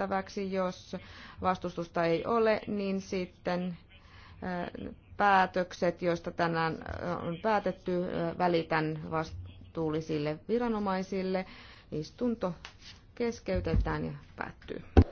päätettäväksi. Jos vastustusta ei ole, niin sitten äh, päätökset, joista tänään äh, on päätetty, äh, välitän vastuullisille viranomaisille. Istunto keskeytetään ja päättyy.